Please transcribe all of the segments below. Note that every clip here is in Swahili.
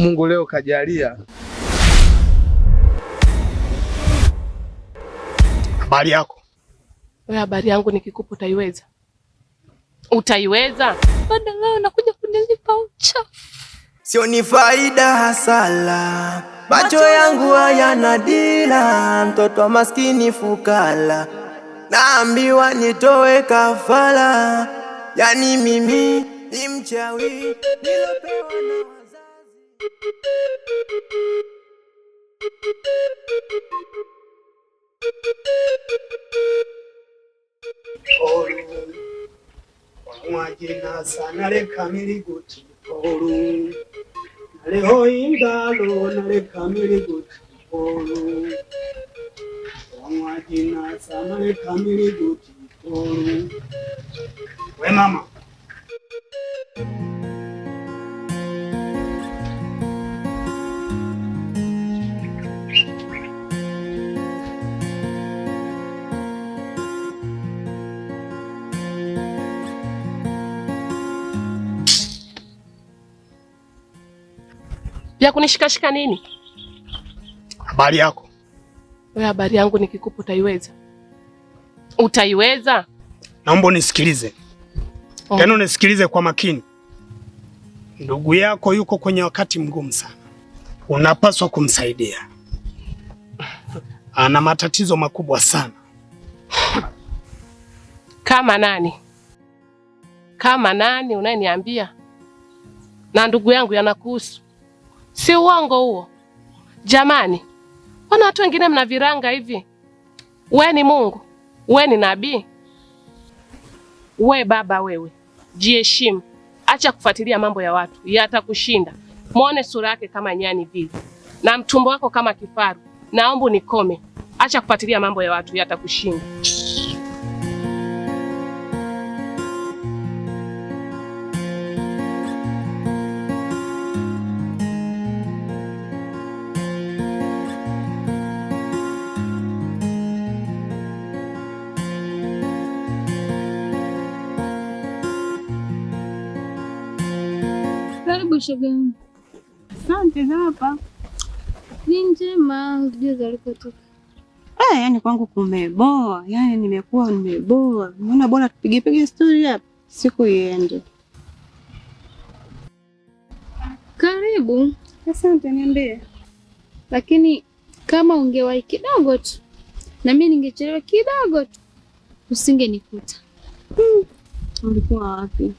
Mungu leo kajalia. Habari yako wewe? Habari yangu nikikupa utaiweza? Utaiweza? Bado leo nakuja kunilipa uchafu. Sio ni faida hasala, macho yangu hayana dila, mtoto wa maskini fukala, naambiwa nitoe kafala, yani mimi ni mchawi nilopewa na Mwajina sana reka polu Naleho indalo nareka miriguti polu Mwajina sana reka miriguti polu We mama Vya kunishikashika nini? Habari yako wewe, habari yangu nikikupa utaiweza? Utaiweza? Naomba unisikilize oh. Tena yaani unisikilize kwa makini. Ndugu yako yuko kwenye wakati mgumu sana, unapaswa kumsaidia. Ana matatizo makubwa sana. Kama nani? Kama nani unayeniambia? Na ndugu yangu yanakuhusu Si uongo huo? Jamani, wana watu wengine mna viranga hivi. We ni Mungu? We ni nabii? We baba wewe, jiheshimu. Acha kufuatilia mambo ya watu, yatakushinda. Mwone sura yake kama nyani vile na mtumbo wako kama kifaru. Naomba nikome. Acha kufuatilia mambo ya watu, yatakushinda. Kama Asante za hapa. Ni njema juzi alikotoka. Ah, yani kwangu kumeboa. Yani nimekuwa nimeboa. Unaona bora tupige piga story hapa. Siku iende. Karibu. Asante, niambie. Lakini kama ungewahi kidogo tu na mimi ningechelewa kidogo tu usingenikuta. Hmm. Ulikuwa wapi?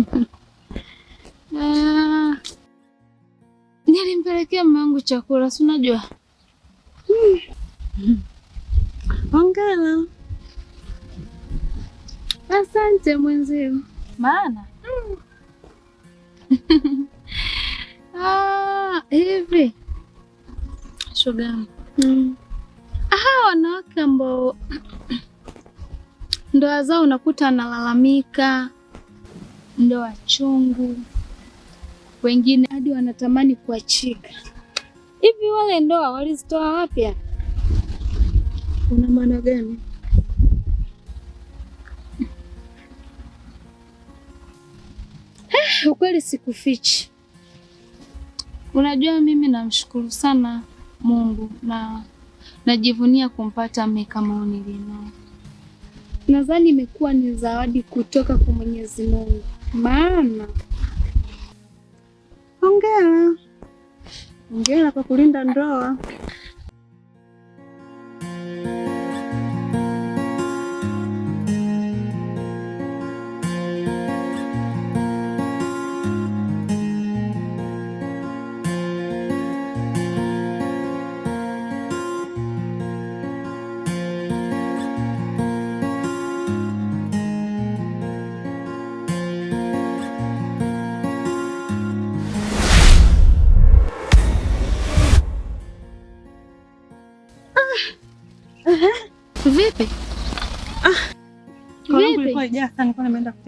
Ah, nilimpelekea mume wangu chakula, si unajua. Hmm. Asante mwenzio. Maana hmm. Ah, hivi shoga mm. Aha, wanawake ambao ndoa zao unakuta analalamika ndoa chungu wengine hadi wanatamani kuachika. Hivi wale ndoa walizitoa wapya? Una maana gani? Ah, ukweli sikufichi. Unajua, mimi namshukuru sana Mungu na najivunia kumpata mume kama nilinao. Nadhani imekuwa ni zawadi kutoka kwa Mwenyezi Mungu maana hongera, hongera kwa kulinda ndoa.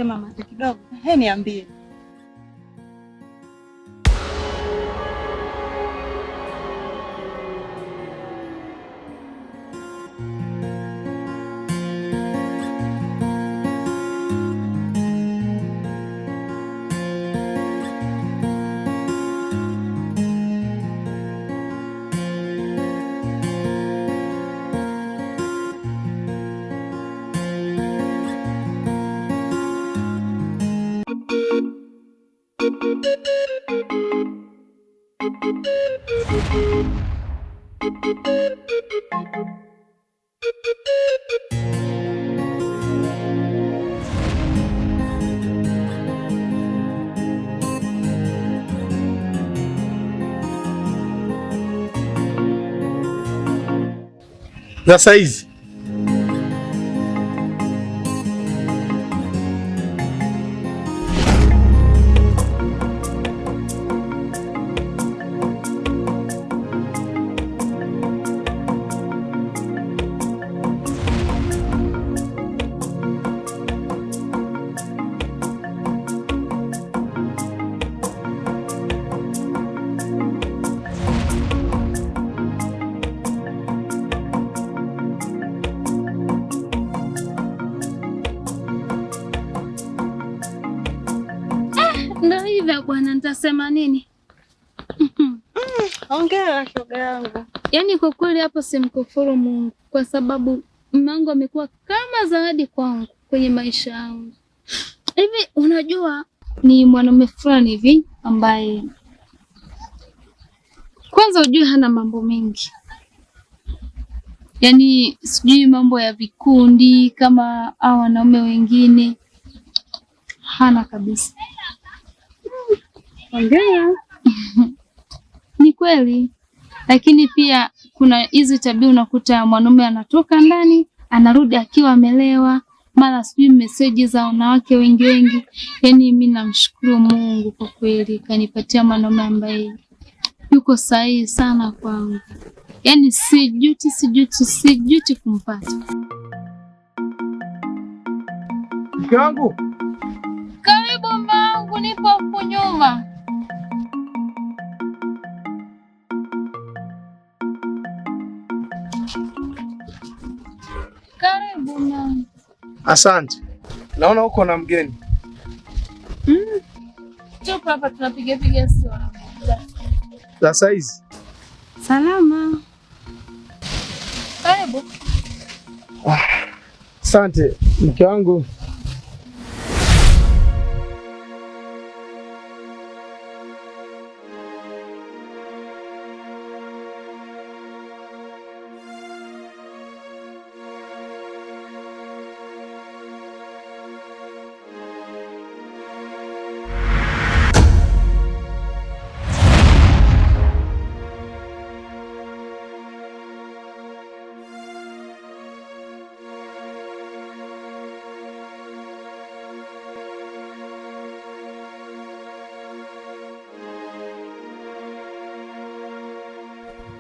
sema mate kidogo, he, niambie Já seis. Unasema nini? Ongea shoga yangu. Yaani kwa kweli hapo simkufuru Mungu kwa sababu mmangu amekuwa kama zawadi kwangu kwenye maisha yangu. Hivi unajua ni mwanaume fulani hivi ambaye kwanza ujue hana mambo mengi, yaani sijui mambo ya vikundi kama hao wanaume wengine, hana kabisa ongea Ni kweli, lakini pia kuna hizi tabia unakuta mwanaume anatoka ndani anarudi akiwa amelewa, mara sijui meseji za wanawake wengi wengi. Yaani mimi namshukuru Mungu kwa kweli, kanipatia mwanaume ambaye yuko sahihi sana kwangu, yaani sijuti, sijuti, sijuti kumpata mke wangu. Karibu mangu, nipo huku nyuma. Karibu na asante. Naona huko na mgeni hmm. tupo hapa tunapiga piga sasa hizi. Salama. Karibu. Ah, asante mke wangu.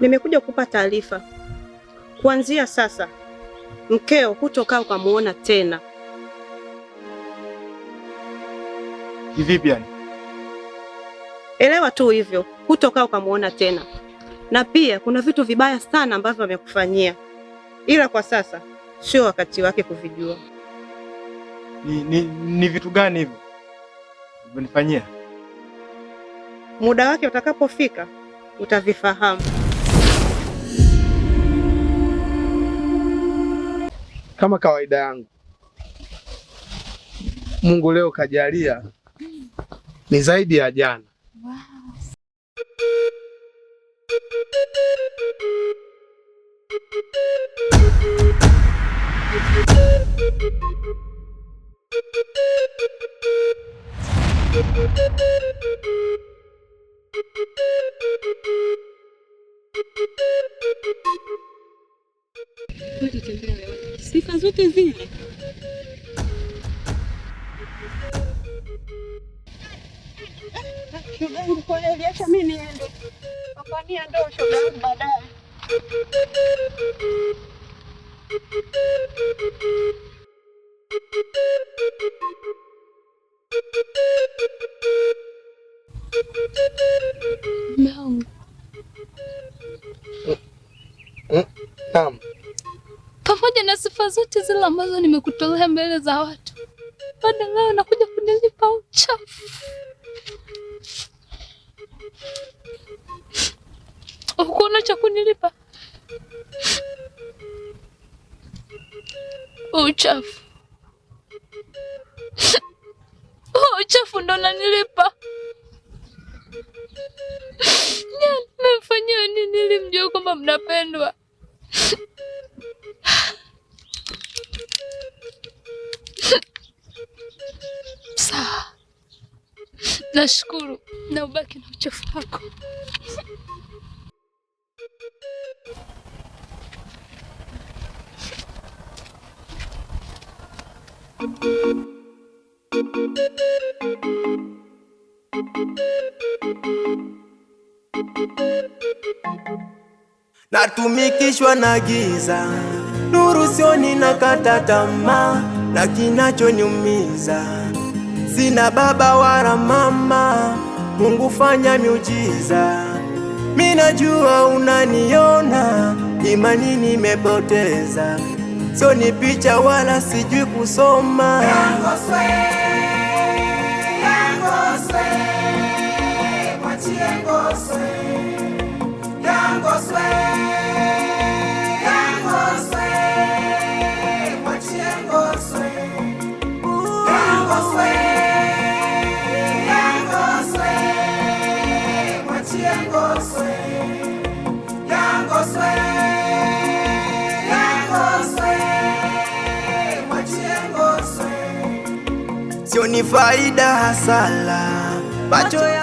nimekuja kukupa taarifa. Kuanzia sasa mkeo hutokaa ukamuona tena. Vipi yani? Elewa tu hivyo, hutokaa ukamuona tena, na pia kuna vitu vibaya sana ambavyo amekufanyia, ila kwa sasa sio wakati wake kuvijua. Ni, ni, ni vitu gani hivyo vinifanyia? Muda wake utakapofika utavifahamu. Kama kawaida yangu, Mungu leo kajalia ni zaidi ya jana. Wow. taka zote zile. Eh, eh, shogangu, kweli acha mimi niende. Pambania ndoo shogangu, baadaye za watu, leo nakuja kunilipa uchafu. Ukuona cha kunilipa uchafu? Uchafu ndo nanilipa? Nimemfanyia nini ili mjue kwamba mnapendwa? Nashukuru na ubaki na uchafu wako. Natumikishwa na giza, nuru sioni, nakata tamaa na kinachoniumiza Sina baba wala mama, Mungu fanya miujiza. Mimi najua unaniona, imani nimepoteza. Sio ni picha wala sijui kusoma. Yangoswe, Yangoswe, Yangoswe, Yangoswe, Yangoswe. ni faida hasala macho ya